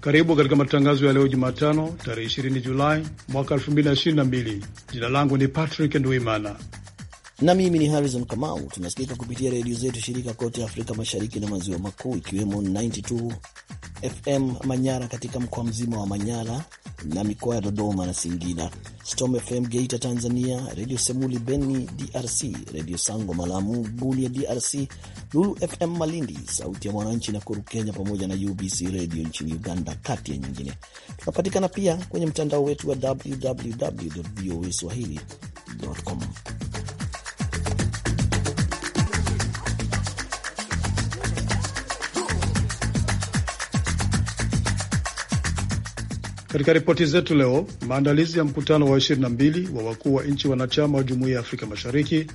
Karibu katika matangazo ya leo Jumatano, tarehe 20 Julai mwaka 2022. Jina langu ni Patrick Ndwimana na mimi ni Harrison Kamau. Tunasikika kupitia redio zetu shirika kote Afrika Mashariki na Maziwa Makuu, ikiwemo 92 FM Manyara katika mkoa mzima wa Manyara na mikoa ya Dodoma na Singida, Storm FM Geita Tanzania, Redio Semuli Beni DRC, Redio Sango Malamu Bunia DRC, Lulu FM Malindi, Sauti ya Mwananchi na Kuru Kenya, pamoja na UBC Redio nchini Uganda, kati ya nyingine. Tunapatikana pia kwenye mtandao wetu wa www voa swahili.com. Katika ripoti zetu leo, maandalizi ya mkutano wa 22 wa wakuu wa nchi wanachama wa jumuiya ya Afrika Mashariki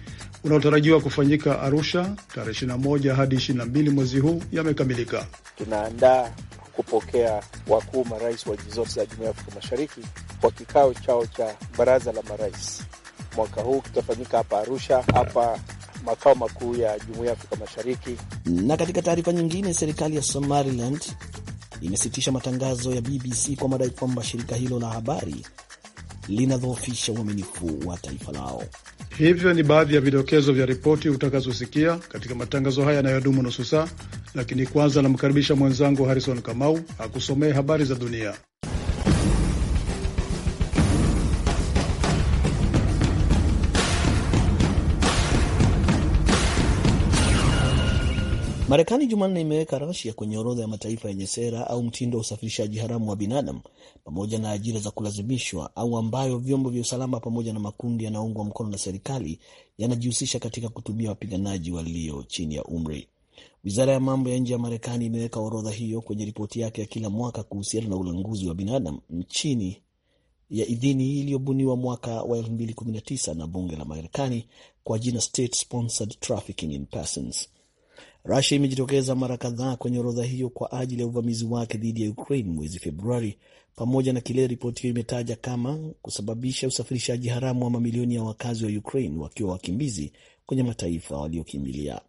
unaotarajiwa kufanyika Arusha tarehe 21 hadi 22 mwezi huu yamekamilika. Tunaandaa kupokea wakuu marais wa nchi zote za jumuiya ya Afrika Mashariki kwa kikao chao cha baraza la marais mwaka huu kitafanyika hapa Arusha, hapa makao makuu ya jumuiya ya Afrika Mashariki. Na katika taarifa nyingine, serikali ya Somaliland limesitisha matangazo ya BBC kwa madai kwamba shirika hilo la habari linadhoofisha uaminifu wa taifa lao. Hivyo ni baadhi ya vidokezo vya ripoti utakazosikia katika matangazo haya yanayodumu nusu saa, lakini kwanza namkaribisha mwenzangu Harrison Kamau akusomee habari za dunia. Marekani Jumanne imeweka Rasia kwenye orodha ya mataifa yenye sera au mtindo wa usafirishaji haramu wa binadamu pamoja na ajira za kulazimishwa au ambayo vyombo vya usalama pamoja na makundi yanaoungwa mkono na serikali yanajihusisha katika kutumia wapiganaji walio chini ya umri. Wizara ya mambo ya nje ya Marekani imeweka orodha hiyo kwenye ripoti yake ya kila mwaka kuhusiana na ulanguzi wa binadamu nchini ya idhini iliyobuniwa mwaka wa 2019 na bunge la Marekani kwa jina State Sponsored Trafficking in Persons. Rusia imejitokeza mara kadhaa kwenye orodha hiyo kwa ajili ya uvamizi wake dhidi ya Ukraine mwezi Februari, pamoja na kile ripoti hiyo imetaja kama kusababisha usafirishaji haramu wa mamilioni ya wakazi wa Ukraine wakiwa wakimbizi kwenye mataifa waliokimbilia.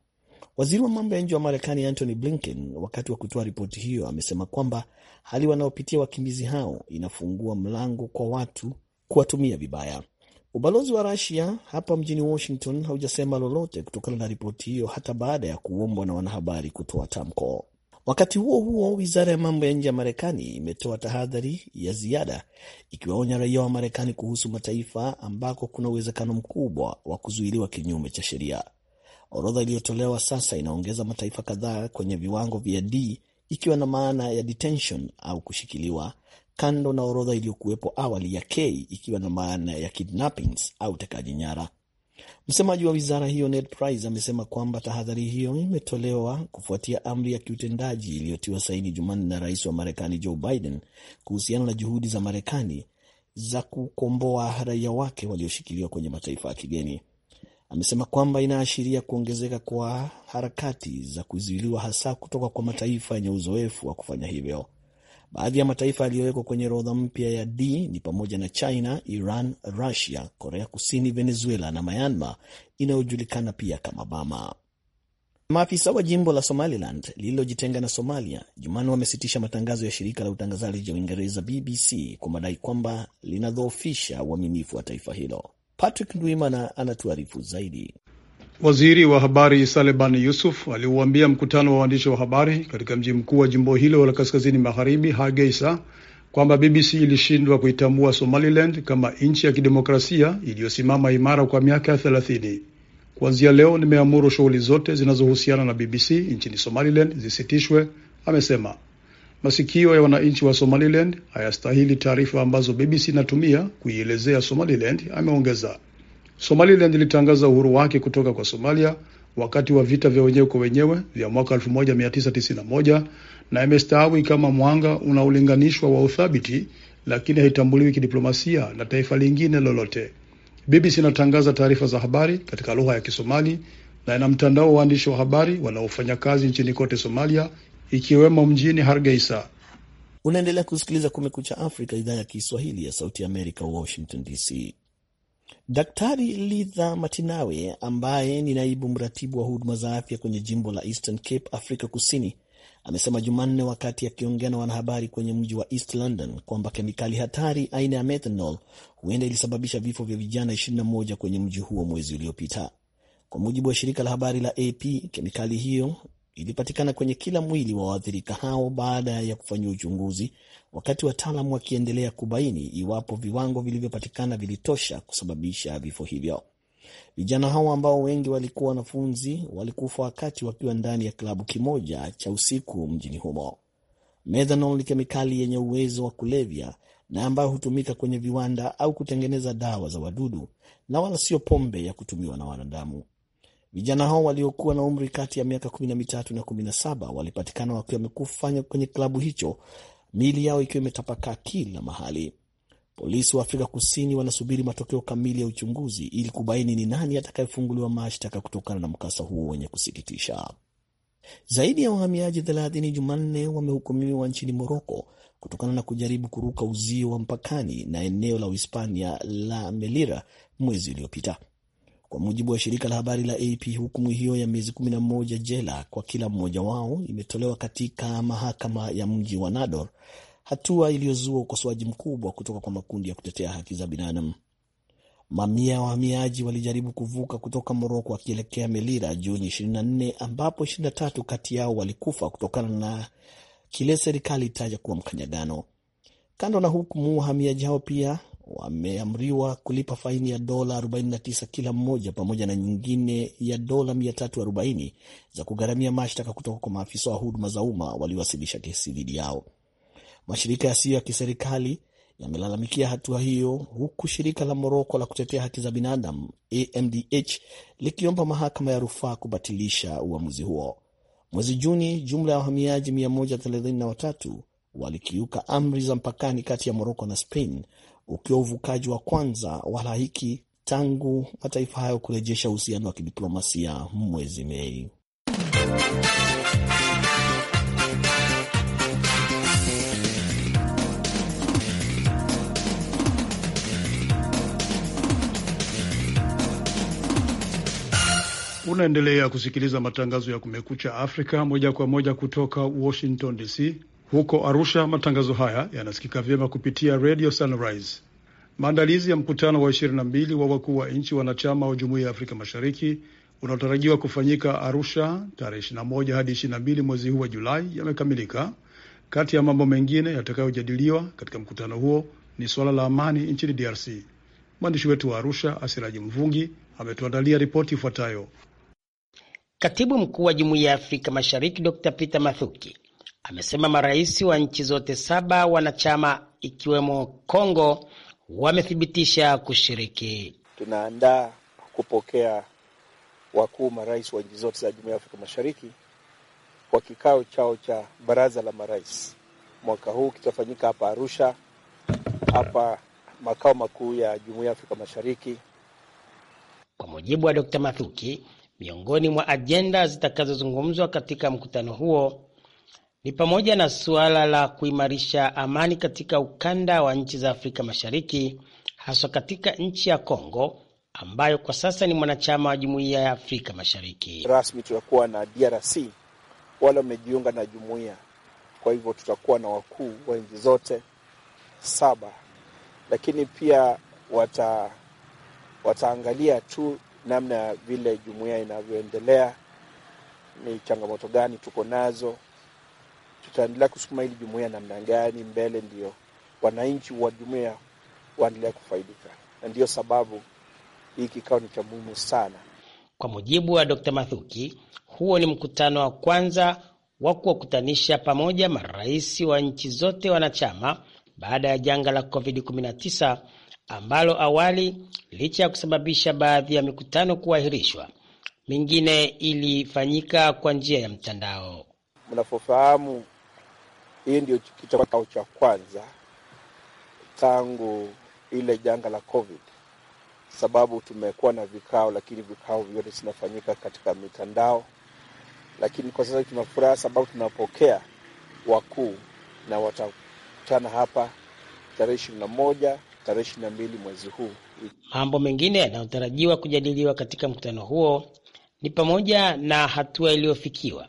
Waziri wa mambo ya nje wa Marekani Antony Blinken, wakati wa kutoa ripoti hiyo, amesema kwamba hali wanaopitia wakimbizi hao inafungua mlango kwa watu kuwatumia vibaya. Ubalozi wa Rusia hapa mjini Washington haujasema lolote kutokana na ripoti hiyo hata baada ya kuombwa na wanahabari kutoa tamko. Wakati huo huo, wizara ya mambo ya nje ya Marekani imetoa tahadhari ya ziada ikiwaonya raia wa Marekani kuhusu mataifa ambako kuna uwezekano mkubwa wa kuzuiliwa kinyume cha sheria. Orodha iliyotolewa sasa inaongeza mataifa kadhaa kwenye viwango vya D ikiwa na maana ya detention au kushikiliwa kando na orodha iliyokuwepo awali ya K ikiwa na maana ya kidnappings au utekaji nyara. Msemaji wa wizara hiyo Ned Price amesema kwamba tahadhari hiyo imetolewa kufuatia amri ya kiutendaji iliyotiwa saini Jumanne na rais wa Marekani Joe Biden kuhusiana na juhudi za Marekani za kukomboa raia wake walioshikiliwa kwenye mataifa ya kigeni. Amesema kwamba inaashiria kuongezeka kwa harakati za kuzuiliwa hasa kutoka kwa mataifa yenye uzoefu wa kufanya hivyo. Baadhi ya mataifa yaliyowekwa kwenye orodha mpya ya D ni pamoja na China, Iran, Russia, Korea Kusini, Venezuela na Myanmar inayojulikana pia kama Bama. Maafisa wa jimbo la Somaliland lililojitenga na Somalia Jumanne wamesitisha matangazo ya shirika la utangazaji la Uingereza BBC kwa madai kwamba linadhoofisha uaminifu wa taifa hilo. Patrick Ndwimana anatuarifu zaidi. Waziri wa habari Saleban Yusuf aliuambia mkutano wa waandishi wa habari katika mji mkuu wa jimbo hilo la kaskazini magharibi hageisa kwamba BBC ilishindwa kuitambua Somaliland kama nchi ya kidemokrasia iliyosimama imara kwa miaka ya thelathini. Kuanzia leo nimeamuru shughuli zote zinazohusiana na BBC nchini Somaliland zisitishwe, amesema. Masikio ya wananchi wa Somaliland hayastahili taarifa ambazo BBC inatumia kuielezea Somaliland, ameongeza. Somaliland ilitangaza uhuru wake kutoka kwa Somalia wakati wa vita vya wenyewe kwa wenyewe vya mwaka 1991 na imestawi kama mwanga unaolinganishwa wa uthabiti, lakini haitambuliwi kidiplomasia na taifa lingine lolote. BBC inatangaza taarifa za habari katika lugha ya Kisomali na ina mtandao wa waandishi wa habari wanaofanya kazi nchini kote Somalia, ikiwemo mjini Hargeisa. Unaendelea kusikiliza Kumekucha Afrika, idhaa ya Kiswahili ya Sauti ya Amerika, Washington DC. Daktari Litha Matinawe ambaye ni naibu mratibu wa huduma za afya kwenye jimbo la Eastern Cape, Afrika Kusini, amesema Jumanne wakati akiongea na wanahabari kwenye mji wa East London kwamba kemikali hatari aina ya methanol huenda ilisababisha vifo vya vijana 21 kwenye mji huo mwezi uliopita. Kwa mujibu wa shirika la habari la AP, kemikali hiyo ilipatikana kwenye kila mwili wa waathirika hao baada ya kufanyia uchunguzi, wakati wataalamu wakiendelea kubaini iwapo viwango vilivyopatikana vilitosha kusababisha vifo hivyo. Vijana hao ambao wengi walikuwa wanafunzi walikufa wakati wakiwa ndani ya klabu kimoja cha usiku mjini humo. Methanol ni kemikali yenye uwezo wa kulevya na ambayo hutumika kwenye viwanda au kutengeneza dawa za wadudu na wala sio pombe ya kutumiwa na wanadamu. Vijana hao waliokuwa na umri kati ya miaka kumi na mitatu na kumi na saba walipatikana wakiwa wamekufa kwenye klabu hicho, miili yao ikiwa imetapakaa kila mahali. Polisi wa Afrika Kusini wanasubiri matokeo kamili ya uchunguzi ili kubaini ni nani atakayefunguliwa mashtaka kutokana na mkasa huo wenye kusikitisha. Zaidi ya wahamiaji thelathini Jumanne wamehukumiwa nchini Moroko kutokana na kujaribu kuruka uzio wa mpakani na eneo la Uhispania la Melira mwezi uliopita kwa mujibu wa shirika la habari la AP. Hukumu hiyo ya miezi 11 jela kwa kila mmoja wao imetolewa katika mahakama ya mji wa Nador, hatua iliyozua ukosoaji mkubwa kutoka kwa makundi ya kutetea haki za binadamu. Mamia ya wahamiaji walijaribu kuvuka kutoka Moroko wakielekea Melira Juni 24 ambapo 23 kati yao walikufa kutokana na kile serikali itaja kuwa mkanyagano. Kando na hukumu, wahamiaji hao pia wameamriwa kulipa faini ya dola 49 kila mmoja pamoja na nyingine ya dola 340 za kugharamia mashtaka kutoka kwa maafisa wa huduma za umma waliowasilisha kesi dhidi yao. Mashirika yasiyo ya kiserikali yamelalamikia hatua hiyo, huku shirika la Moroko la kutetea haki za binadamu AMDH likiomba mahakama ya rufaa kubatilisha uamuzi huo. Mwezi Juni, jumla ya wahamiaji 133 walikiuka amri za mpakani kati ya Moroko na Spain, ukiwa uvukaji wa kwanza wa halaiki tangu mataifa hayo kurejesha uhusiano wa kidiplomasia mwezi Mei. Unaendelea kusikiliza matangazo ya Kumekucha Afrika moja kwa moja kutoka Washington DC. Huko Arusha, matangazo haya yanasikika vyema kupitia Radio Sunrise. Maandalizi ya mkutano wa 22 wa wakuu wa nchi wanachama wa Jumuiya ya Afrika Mashariki unaotarajiwa kufanyika Arusha tarehe 21 hadi 22 mwezi huu wa Julai yamekamilika. Kati ya mambo mengine yatakayojadiliwa katika mkutano huo ni suala la amani nchini DRC. Mwandishi wetu wa Arusha, Asiraji Mvungi, ametuandalia ripoti ifuatayo. Katibu mkuu wa Jumuiya ya Afrika Mashariki Dr Peter Mathuki amesema marais wa nchi zote saba wanachama ikiwemo Kongo wamethibitisha kushiriki. Tunaandaa kupokea wakuu marais wa nchi zote za Jumuiya ya Afrika Mashariki kwa kikao chao cha baraza la marais mwaka huu kitafanyika hapa Arusha, hapa makao makuu ya Jumuiya ya Afrika Mashariki. Kwa mujibu wa Dr. Mathuki, miongoni mwa ajenda zitakazozungumzwa katika mkutano huo ni pamoja na suala la kuimarisha amani katika ukanda wa nchi za Afrika Mashariki, haswa katika nchi ya Kongo ambayo kwa sasa ni mwanachama wa Jumuiya ya Afrika Mashariki. Rasmi tutakuwa na DRC, wale wamejiunga na jumuiya. Kwa hivyo tutakuwa na wakuu wa nchi zote saba, lakini pia wata wataangalia tu namna ya vile jumuiya inavyoendelea, ni changamoto gani tuko nazo tutaendelea kusukuma hili jumuia namna gani mbele, ndio wananchi wa jumuia waendelea kufaidika, na ndiyo sababu hii kikao ni cha muhimu sana. Kwa mujibu wa Dr. Mathuki, huo ni mkutano wa kwanza wa kuwakutanisha pamoja marais wa nchi zote wanachama baada ya janga la COVID-19 ambalo awali licha ya kusababisha baadhi ya mikutano kuahirishwa, mingine ilifanyika kwa njia ya mtandao. Mnapofahamu hii ndio kitakao cha kwanza tangu ile janga la COVID, sababu tumekuwa na vikao, lakini vikao vyote zinafanyika katika mitandao. Lakini kwa sasa tunafuraha sababu tunapokea wakuu na watakutana hapa tarehe ishirini na moja tarehe ishirini na mbili mwezi huu. Mambo mengine yanayotarajiwa kujadiliwa katika mkutano huo ni pamoja na hatua iliyofikiwa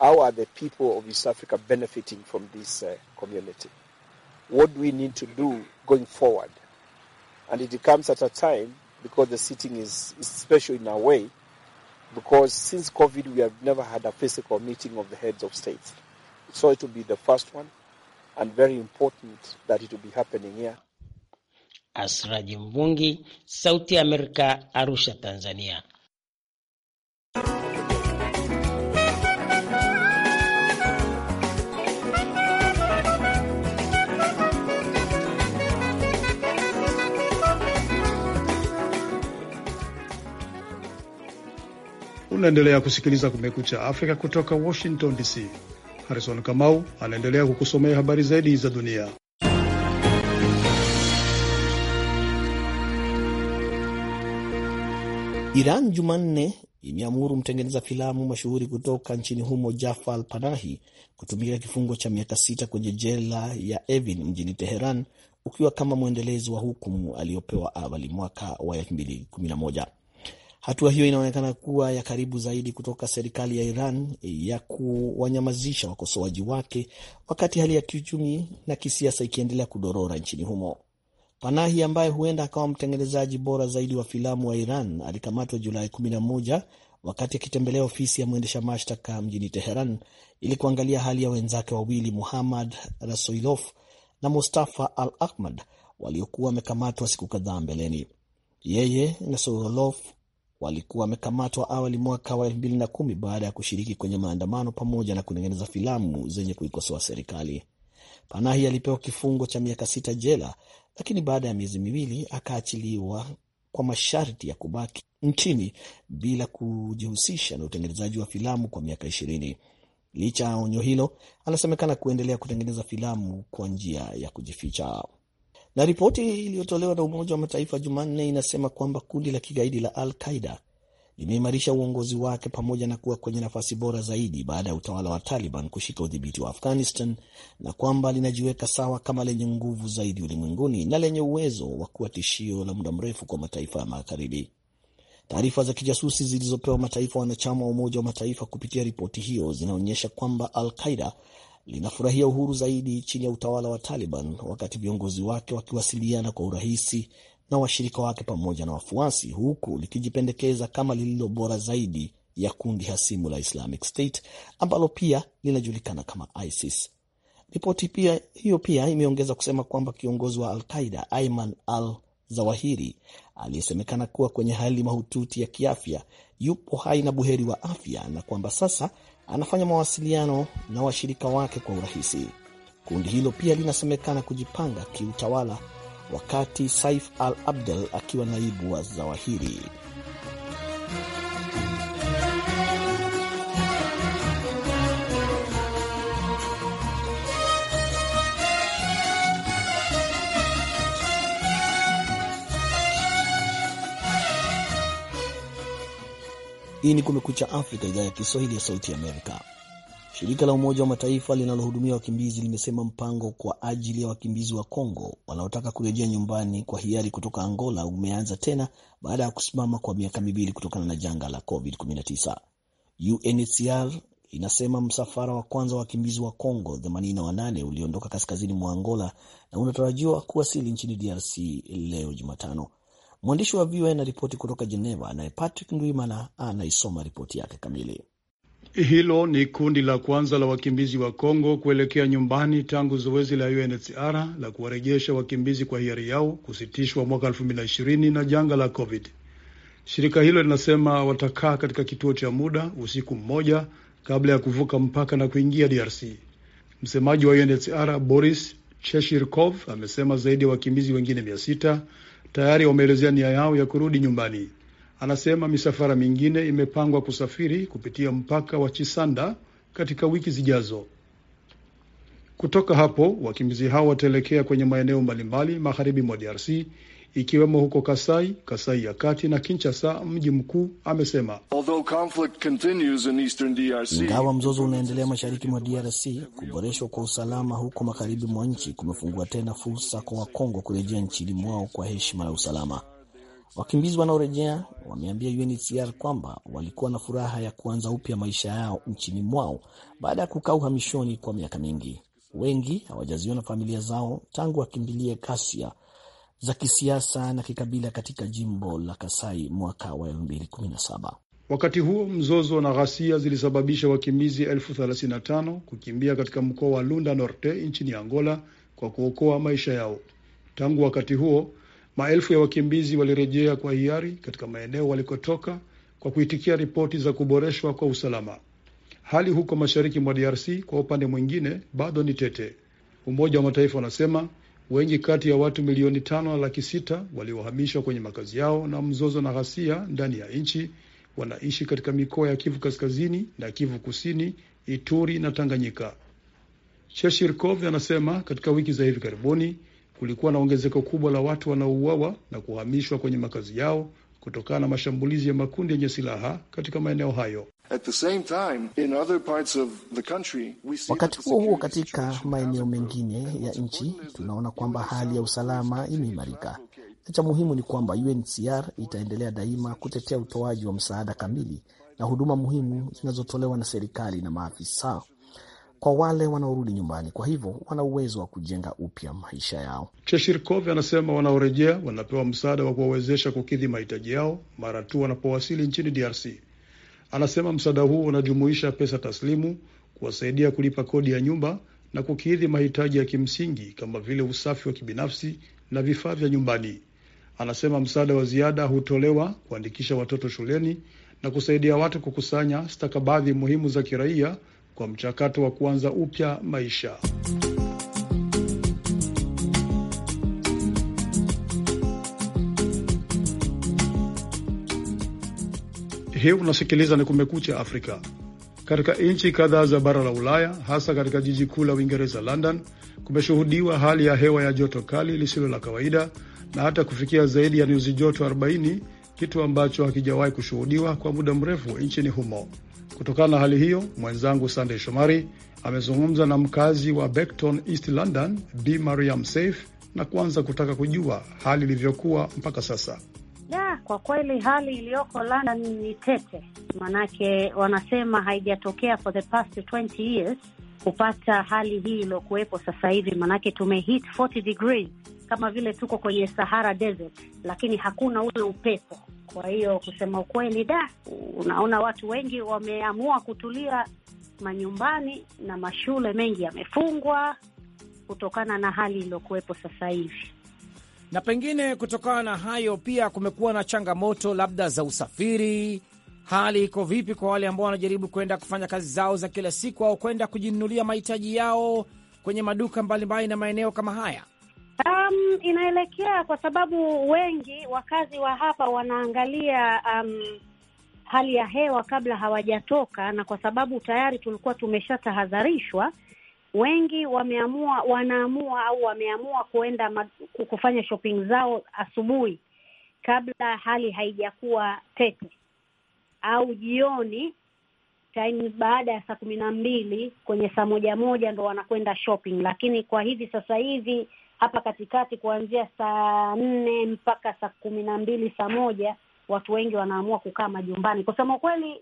How are the people of East Africa benefiting from this uh, community? What do we need to do going forward? And it comes at a time because the sitting is, is special in a way because since COVID we have never had a physical meeting of the heads of states. So it will be the first one and very important that it will be happening here. Asraji Mvungi, Sauti America, Arusha, Tanzania. Unaendelea kusikiliza Kumekucha Afrika kutoka Washington DC. Harrison Kamau anaendelea kukusomea habari zaidi za dunia. Iran Jumanne imeamuru mtengeneza filamu mashuhuri kutoka nchini humo Jafar Panahi kutumika kifungo cha miaka sita kwenye jela ya Evin mjini Teheran, ukiwa kama mwendelezo wa hukumu aliyopewa awali mwaka wa 2011. Hatua hiyo inaonekana kuwa ya karibu zaidi kutoka serikali ya Iran ya kuwanyamazisha wakosoaji wake, wakati hali ya kiuchumi na kisiasa ikiendelea kudorora nchini humo. Panahi ambaye huenda akawa mtengenezaji bora zaidi wa filamu wa Iran alikamatwa Julai 11 wakati akitembelea ofisi ya mwendesha mashtaka mjini Teheran ili kuangalia hali ya wenzake wawili Muhammad Rasoilof na Mustafa Al Ahmad waliokuwa wamekamatwa siku kadhaa mbeleni. Yeye na Soilof walikuwa wamekamatwa awali mwaka wa 2010 baada ya kushiriki kwenye maandamano pamoja na kutengeneza filamu zenye kuikosoa serikali. Panahi alipewa kifungo cha miaka sita jela, lakini baada ya miezi miwili akaachiliwa kwa masharti ya kubaki nchini bila kujihusisha na utengenezaji wa filamu kwa miaka ishirini. Licha ya onyo hilo, anasemekana kuendelea kutengeneza filamu kwa njia ya kujificha. Na ripoti iliyotolewa na Umoja wa Mataifa Jumanne inasema kwamba kundi la kigaidi la Al Qaida limeimarisha uongozi wake pamoja na kuwa kwenye nafasi bora zaidi baada ya utawala wa Taliban kushika udhibiti wa Afghanistan na kwamba linajiweka sawa kama lenye nguvu zaidi ulimwenguni na lenye uwezo wa kuwa tishio la muda mrefu kwa mataifa ya Magharibi. Taarifa za kijasusi zilizopewa mataifa wanachama wa Umoja wa Mataifa kupitia ripoti hiyo zinaonyesha kwamba Al Qaida linafurahia uhuru zaidi chini ya utawala wa Taliban, wakati viongozi wake wakiwasiliana kwa urahisi na washirika wake pamoja na wafuasi, huku likijipendekeza kama lililo bora zaidi ya kundi hasimu la Islamic State ambalo pia linajulikana kama ISIS. Ripoti pia hiyo pia imeongeza kusema kwamba kiongozi wa Al-Qaida Ayman al-Zawahiri aliyesemekana kuwa kwenye hali mahututi ya kiafya yupo hai na buheri wa afya na kwamba sasa anafanya mawasiliano na washirika wake kwa urahisi. Kundi hilo pia linasemekana kujipanga kiutawala, wakati Saif al Abdel akiwa naibu wa Zawahiri. Hii ni Kumekucha Afrika, idhaa ya Kiswahili ya Sauti Amerika. Shirika la Umoja wa Mataifa linalohudumia wakimbizi limesema mpango kwa ajili ya wakimbizi wa Kongo wanaotaka kurejea nyumbani kwa hiari kutoka Angola umeanza tena baada ya kusimama kwa miaka miwili kutokana na janga la COVID-19. UNHCR inasema msafara wa kwanza wa wakimbizi wa Kongo 88 uliondoka kaskazini mwa Angola na unatarajiwa kuwasili nchini DRC leo Jumatano. Mwandishi wa VOA anaripoti kutoka Jeneva, naye Patrick Ndwimana anaisoma ripoti yake kamili. Hilo ni kundi la kwanza la wakimbizi wa Kongo kuelekea nyumbani tangu zoezi la UNHCR la kuwarejesha wakimbizi kwa hiari yao kusitishwa mwaka 2020 na janga la COVID. Shirika hilo linasema watakaa katika kituo cha muda usiku mmoja kabla ya kuvuka mpaka na kuingia DRC. Msemaji wa UNHCR Boris Cheshirkov amesema zaidi ya wakimbizi wengine mia sita tayari wameelezea nia yao ya kurudi nyumbani. Anasema misafara mingine imepangwa kusafiri kupitia mpaka wa Chisanda katika wiki zijazo. Kutoka hapo wakimbizi hao wataelekea kwenye maeneo mbalimbali magharibi mwa DRC ikiwemo huko Kasai, Kasai ya kati na Kinshasa, mji mkuu, amesema. Ingawa mzozo unaendelea mashariki mwa DRC, kuboreshwa kwa usalama huko magharibi mwa nchi kumefungua tena fursa kwa Wakongo kurejea nchini mwao kwa heshima na usalama. Wakimbizi wanaorejea wameambia UNHCR kwamba walikuwa na furaha ya kuanza upya maisha yao nchini mwao baada ya kukaa uhamishoni kwa miaka mingi. Wengi hawajaziona familia zao tangu wakimbilie ghasia za kisiasa na kikabila katika jimbo la Kasai mwaka wa 2017. Wakati huo mzozo na ghasia zilisababisha wakimbizi elfu kukimbia katika mkoa wa Lunda Norte nchini Angola kwa kuokoa maisha yao. Tangu wakati huo maelfu ya wakimbizi walirejea kwa hiari katika maeneo walikotoka kwa kuitikia ripoti za kuboreshwa kwa usalama. Hali huko mashariki mwa DRC kwa upande mwingine bado ni tete. Umoja wa Mataifa unasema Wengi kati ya watu milioni tano na laki sita waliohamishwa kwenye makazi yao na mzozo na ghasia ndani ya nchi wanaishi katika mikoa ya Kivu Kaskazini na Kivu Kusini, Ituri na Tanganyika. Cheshirkov anasema katika wiki za hivi karibuni kulikuwa na ongezeko kubwa la watu wanaouawa na kuhamishwa kwenye makazi yao kutokana na mashambulizi ya makundi yenye silaha katika maeneo hayo. Wakati huo huo, katika maeneo mengine ya nchi tunaona kwamba hali ya usalama imeimarika, na cha muhimu ni kwamba UNHCR itaendelea daima kutetea utoaji wa msaada kamili na huduma muhimu zinazotolewa na serikali na maafisa kwa wale wanaorudi nyumbani. Kwa hivyo wana uwezo wa kujenga upya maisha yao. Cheshirkov anasema wanaorejea wanapewa msaada wa kuwawezesha kukidhi mahitaji yao mara tu wanapowasili nchini DRC. Anasema msaada huo unajumuisha pesa taslimu kuwasaidia kulipa kodi ya nyumba na kukidhi mahitaji ya kimsingi kama vile usafi wa kibinafsi na vifaa vya nyumbani. Anasema msaada wa ziada hutolewa kuandikisha watoto shuleni na kusaidia watu kukusanya stakabadhi muhimu za kiraia kwa mchakato wa kuanza upya maisha. Hii unasikiliza ni Kumekucha Afrika. Katika nchi kadhaa za bara la Ulaya, hasa katika jiji kuu la Uingereza, London, kumeshuhudiwa hali ya hewa ya joto kali lisilo la kawaida na hata kufikia zaidi ya nyuzi joto 40, kitu ambacho hakijawahi kushuhudiwa kwa muda mrefu nchini humo. Kutokana na hali hiyo, mwenzangu Sandey Shomari amezungumza na mkazi wa Beckton, East London, Bi Mariam Saif, na kuanza kutaka kujua hali ilivyokuwa mpaka sasa. Ya, kwa kweli hali iliyoko London ni tete, manake wanasema haijatokea for the past 20 years kupata hali hii iliyokuwepo sasa hivi, manake tumehit 40 degrees kama vile tuko kwenye Sahara Desert, lakini hakuna ule upepo. Kwa hiyo kusema ukweli, da, unaona watu wengi wameamua kutulia manyumbani na mashule mengi yamefungwa kutokana na hali iliyokuwepo sasa hivi. Na pengine kutokana na hayo pia kumekuwa na changamoto labda za usafiri. Hali iko vipi kwa wale ambao wanajaribu kwenda kufanya kazi zao za kila siku au kwenda kujinunulia mahitaji yao kwenye maduka mbalimbali na maeneo kama haya? Um, inaelekea kwa sababu wengi wakazi wa hapa wanaangalia um, hali ya hewa kabla hawajatoka, na kwa sababu tayari tulikuwa tumeshatahadharishwa wengi wameamua, wanaamua au wameamua kuenda kufanya shopping zao asubuhi kabla hali haijakuwa tete, au jioni time baada ya saa kumi na mbili kwenye saa moja moja ndo wanakwenda shopping. Lakini kwa hivi sasa hivi hapa katikati kuanzia saa nne mpaka saa kumi na mbili saa moja watu wengi wanaamua kukaa majumbani. Kusema kweli,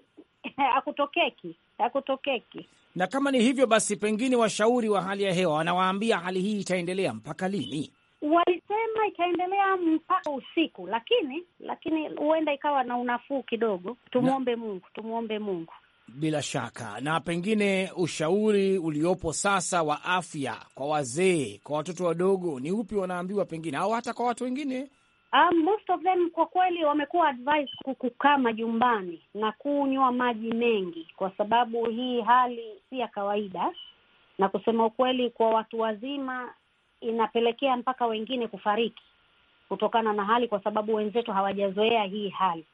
hakutokeki hakutokeki. Na kama ni hivyo basi, pengine washauri wa hali ya hewa wanawaambia hali hii itaendelea mpaka lini? Walisema itaendelea mpaka usiku, lakini lakini huenda ikawa na unafuu kidogo. Tumwombe Mungu, tumwombe Mungu. Bila shaka. Na pengine ushauri uliopo sasa wa afya kwa wazee, kwa watoto wadogo ni upi wanaambiwa, pengine au hata kwa watu wengine Um, most of them kwa kweli wamekuwa advised kukaa majumbani na kunywa maji mengi, kwa sababu hii hali si ya kawaida, na kusema ukweli, kwa watu wazima inapelekea mpaka wengine kufariki kutokana na hali, kwa sababu wenzetu hawajazoea hii hali.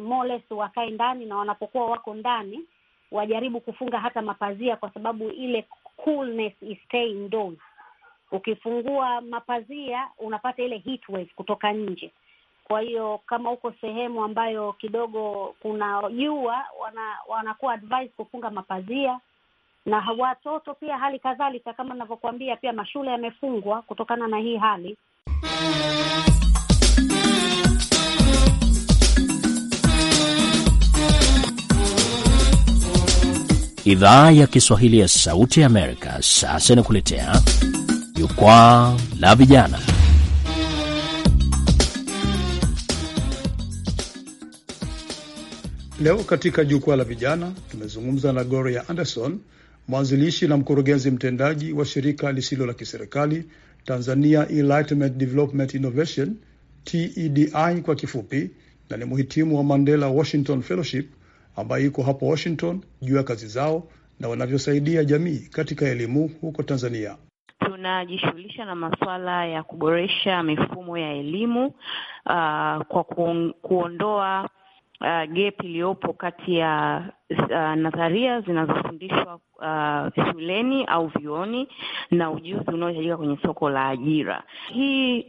Moles wakae ndani, na wanapokuwa wako ndani wajaribu kufunga hata mapazia, kwa sababu ile coolness is stay indoors ukifungua mapazia unapata ile heat wave kutoka nje. Kwa hiyo kama uko sehemu ambayo kidogo kuna jua, wana, wanakuwa advise kufunga mapazia na watoto pia, hali kadhalika, kama ninavyokuambia, pia mashule yamefungwa kutokana na hii hali. Idhaa ya Kiswahili ya Sauti ya Amerika sasa inakuletea Jukwaa la Vijana. Leo katika Jukwaa la Vijana tumezungumza na Gloria Anderson, mwanzilishi na mkurugenzi mtendaji wa shirika lisilo la kiserikali Tanzania Enlightenment Development Innovation, TEDI kwa kifupi, na ni muhitimu wa Mandela Washington Fellowship ambaye iko hapo Washington juu ya kazi zao na wanavyosaidia jamii katika elimu huko Tanzania tunajishughulisha na masuala ya kuboresha mifumo ya elimu uh, kwa kuondoa uh, gap iliyopo kati ya uh, nadharia zinazofundishwa uh, shuleni au vioni na ujuzi unaohitajika kwenye soko la ajira. Hii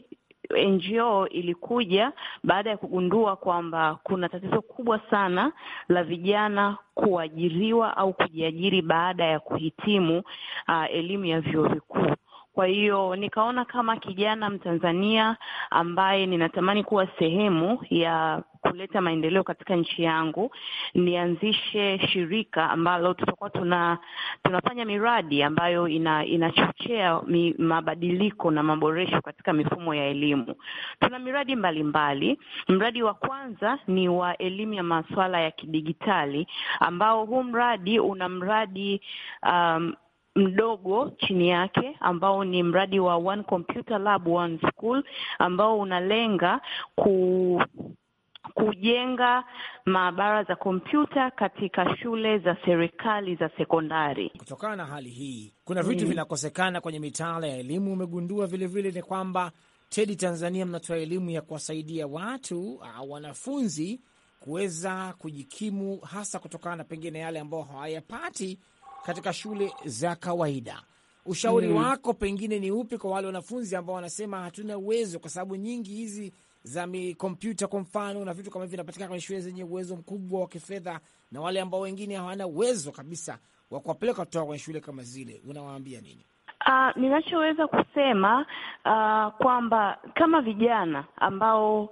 NGO ilikuja baada ya kugundua kwamba kuna tatizo kubwa sana la vijana kuajiriwa au kujiajiri baada ya kuhitimu uh, elimu ya vyuo vikuu. Kwa hiyo nikaona kama kijana Mtanzania ambaye ninatamani kuwa sehemu ya kuleta maendeleo katika nchi yangu, nianzishe shirika ambalo tutakuwa tuna tunafanya miradi ambayo ina, inachochea mi, mabadiliko na maboresho katika mifumo ya elimu. Tuna miradi mbalimbali mbali. Mradi wa kwanza ni wa elimu ya masuala ya kidigitali ambao huu mradi una mradi um, mdogo chini yake ambao ni mradi wa One Computer Lab One School ambao unalenga ku kujenga maabara za kompyuta katika shule za serikali za sekondari. Kutokana na hali hii, kuna vitu mm, vinakosekana kwenye mitaala ya elimu. Umegundua vilevile ni kwamba TEDI Tanzania mnatoa elimu ya kuwasaidia watu au wanafunzi kuweza kujikimu, hasa kutokana na pengine yale ambao hawayapati katika shule za kawaida. Ushauri mm, wako pengine ni upi kwa wale wanafunzi ambao wanasema hatuna uwezo, kwa sababu nyingi hizi za mikompyuta kwa mfano na vitu kama hivi vinapatikana kwenye shule zenye uwezo mkubwa wa kifedha, na wale ambao wengine hawana uwezo kabisa wa kuwapeleka kutoka kwenye shule kama zile, unawaambia nini? Uh, ninachoweza kusema uh, kwamba kama vijana ambao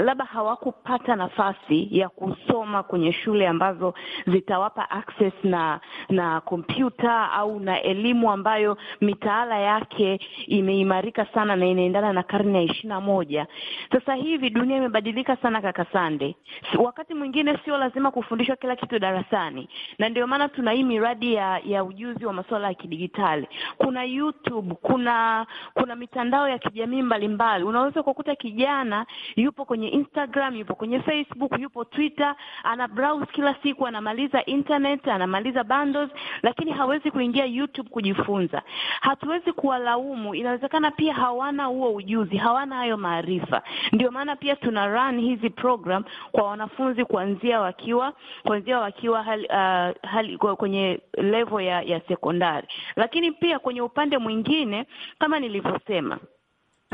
labda hawakupata nafasi ya kusoma kwenye shule ambazo zitawapa access na na kompyuta au na elimu ambayo mitaala yake imeimarika sana na inaendana na karne ya ishirini na moja. Sasa hivi dunia imebadilika sana, kaka Sande. Wakati mwingine sio lazima kufundishwa kila kitu darasani, na ndio maana tuna hii miradi ya ya ujuzi wa masuala ya kidigitali. Kuna YouTube, kuna kuna mitandao ya kijamii mbalimbali, unaweza kukuta kijana yupo kwenye kwenye Instagram, yupo kwenye Facebook, yupo Twitter, ana browse kila siku, anamaliza internet, anamaliza bundles, lakini hawezi kuingia YouTube kujifunza. Hatuwezi kuwalaumu, inawezekana pia hawana huo ujuzi, hawana hayo maarifa. Ndio maana pia tuna run hizi program kwa wanafunzi kuanzia wakiwa kuanzia wakiwa hali, uh, hali, kwenye level ya, ya sekondari, lakini pia kwenye upande mwingine kama nilivyosema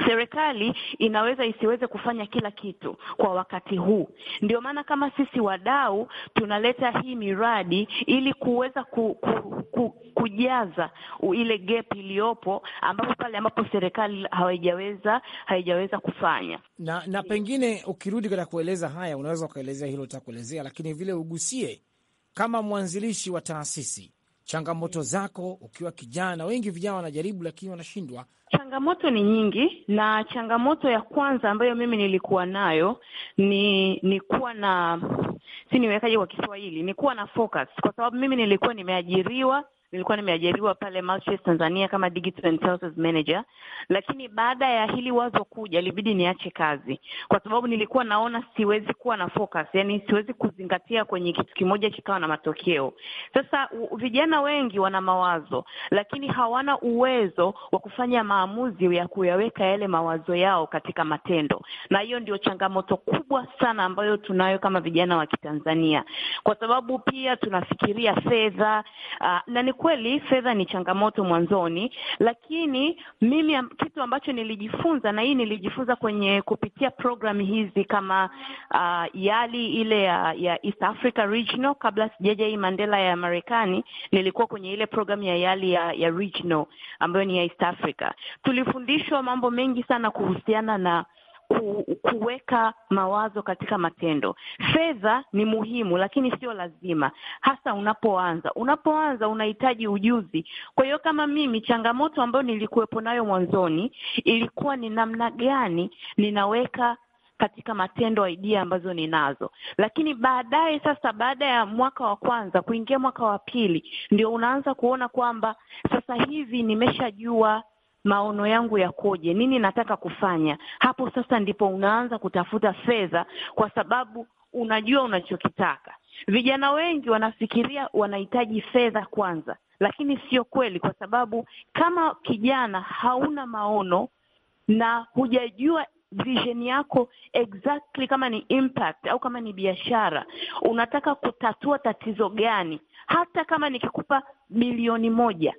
Serikali inaweza isiweze kufanya kila kitu kwa wakati huu. Ndio maana kama sisi wadau tunaleta hii miradi ili kuweza ku, ku, ku, kujaza ile gap iliyopo, ambapo pale ambapo serikali haijaweza haijaweza kufanya na, na pengine ukirudi katika kueleza haya, unaweza ukaelezea hilo utakuelezea, lakini vile ugusie kama mwanzilishi wa taasisi changamoto zako ukiwa kijana? Wengi vijana wanajaribu lakini wanashindwa. Changamoto ni nyingi, na changamoto ya kwanza ambayo mimi nilikuwa nayo ni ni kuwa na si niwekaje kwa Kiswahili, ni kuwa na focus, kwa sababu mimi nilikuwa nimeajiriwa nilikuwa nimeajiriwa pale Maltese Tanzania kama digital and sales manager, lakini baada ya hili wazo kuja, ilibidi niache kazi kwa sababu nilikuwa naona siwezi kuwa na focus, yani siwezi kuzingatia kwenye kitu kimoja kikawa na matokeo. Sasa vijana wengi wana mawazo, lakini hawana uwezo wa kufanya maamuzi ya kuyaweka yale mawazo yao katika matendo, na hiyo ndio changamoto kubwa sana ambayo tunayo kama vijana wa Kitanzania, kwa sababu pia tunafikiria fedha uh, na ni kweli fedha ni changamoto mwanzoni, lakini mimi kitu ambacho nilijifunza, na hii nilijifunza kwenye kupitia programu hizi kama uh, YALI ile ya, ya East Africa Regional, kabla sijaja hii Mandela ya Marekani, nilikuwa kwenye ile programu ya YALI ya, ya Regional ambayo ni ya East Africa. Tulifundishwa mambo mengi sana kuhusiana na ku, kuweka mawazo katika matendo. Fedha ni muhimu, lakini sio lazima, hasa unapoanza. Unapoanza unahitaji ujuzi. Kwa hiyo kama mimi, changamoto ambayo nilikuwepo nayo mwanzoni ilikuwa ni namna gani ninaweka katika matendo idea ambazo ninazo, lakini baadaye sasa, baada ya mwaka wa kwanza kuingia mwaka wa pili, ndio unaanza kuona kwamba sasa hivi nimeshajua maono yangu yakoje, nini nataka kufanya. Hapo sasa ndipo unaanza kutafuta fedha, kwa sababu unajua unachokitaka. Vijana wengi wanafikiria wanahitaji fedha kwanza, lakini sio kweli, kwa sababu kama kijana hauna maono na hujajua vision yako exactly, kama ni impact au kama ni biashara, unataka kutatua tatizo gani, hata kama nikikupa bilioni moja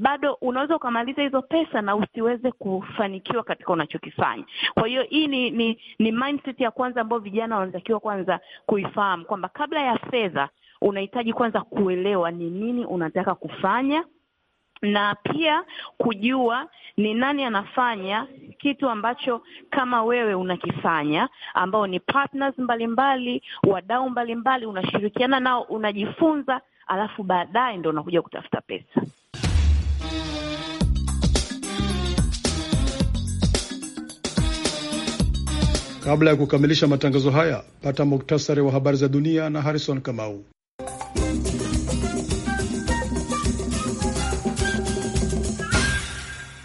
bado unaweza ukamaliza hizo pesa na usiweze kufanikiwa katika unachokifanya. Kwa hiyo hii ni, ni, ni mindset ya kwanza ambayo vijana wanatakiwa kwanza kuifahamu kwamba kabla ya fedha unahitaji kwanza kuelewa ni nini unataka kufanya na pia kujua ni nani anafanya kitu ambacho kama wewe unakifanya, ambao ni partners mbalimbali, wadau mbalimbali, unashirikiana nao, unajifunza, alafu baadaye ndo unakuja kutafuta pesa. Kabla ya kukamilisha matangazo haya, pata muktasari wa habari za dunia na Harrison Kamau.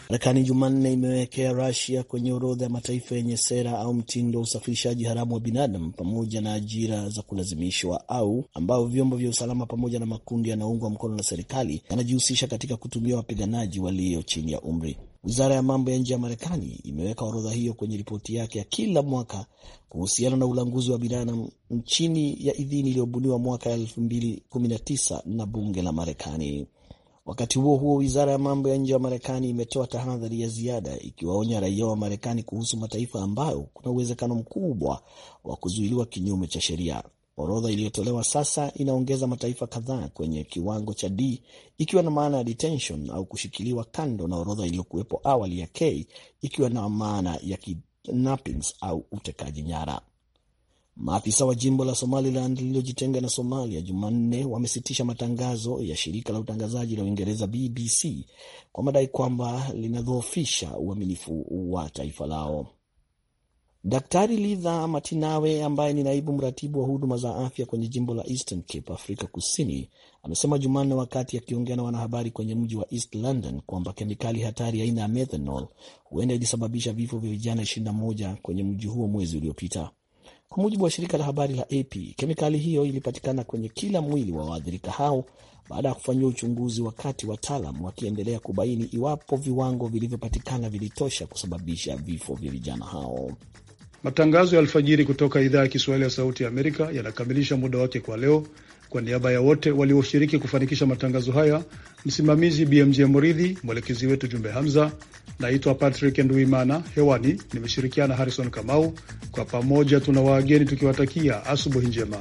Marekani Jumanne imewekea Rusia kwenye orodha ya mataifa yenye sera au mtindo wa usafirishaji haramu wa binadamu pamoja na ajira za kulazimishwa au ambao vyombo vya usalama pamoja na makundi yanaungwa mkono na serikali yanajihusisha katika kutumia wapiganaji walio chini ya umri. Wizara ya mambo ya nje ya Marekani imeweka orodha hiyo kwenye ripoti yake ya kila mwaka kuhusiana na ulanguzi wa binadamu chini ya idhini iliyobuniwa mwaka 2019 na bunge la Marekani. Wakati huo huo, wizara ya mambo ya nje ya Marekani imetoa tahadhari ya ziada ikiwaonya raia wa Marekani kuhusu mataifa ambayo kuna uwezekano mkubwa wa kuzuiliwa kinyume cha sheria. Orodha iliyotolewa sasa inaongeza mataifa kadhaa kwenye kiwango cha D ikiwa na maana ya detention au kushikiliwa, kando na orodha iliyokuwepo awali ya K ikiwa na maana ya kidnappings au utekaji nyara. Maafisa wa jimbo la Somaliland lililojitenga na Somalia Jumanne wamesitisha matangazo ya shirika la utangazaji la Uingereza BBC kwa madai kwamba linadhoofisha uaminifu wa taifa lao. Daktari Lidha Matinawe ambaye ni naibu mratibu wa huduma za afya kwenye jimbo la Eastern Cape, Afrika Kusini, amesema Jumanne wakati akiongea na wanahabari kwenye mji wa East London kwamba kemikali hatari aina ya methanol huenda ilisababisha vifo vya vijana 21 kwenye mji huo mwezi uliopita. Kwa mujibu wa shirika la habari la AP, kemikali hiyo ilipatikana kwenye kila mwili wa waathirika hao baada ya kufanyiwa uchunguzi, wakati wataalam wakiendelea kubaini iwapo viwango vilivyopatikana vilitosha kusababisha vifo vya vijana hao. Matangazo ya alfajiri kutoka idhaa ya Kiswahili ya Sauti ya Amerika yanakamilisha muda wake kwa leo. Kwa niaba ya wote walioshiriki kufanikisha matangazo haya, msimamizi BMJ Muridhi, mwelekezi wetu Jumbe Hamza. Naitwa Patrick Nduimana, hewani nimeshirikiana Harrison Kamau. Kwa pamoja tuna waageni tukiwatakia asubuhi njema.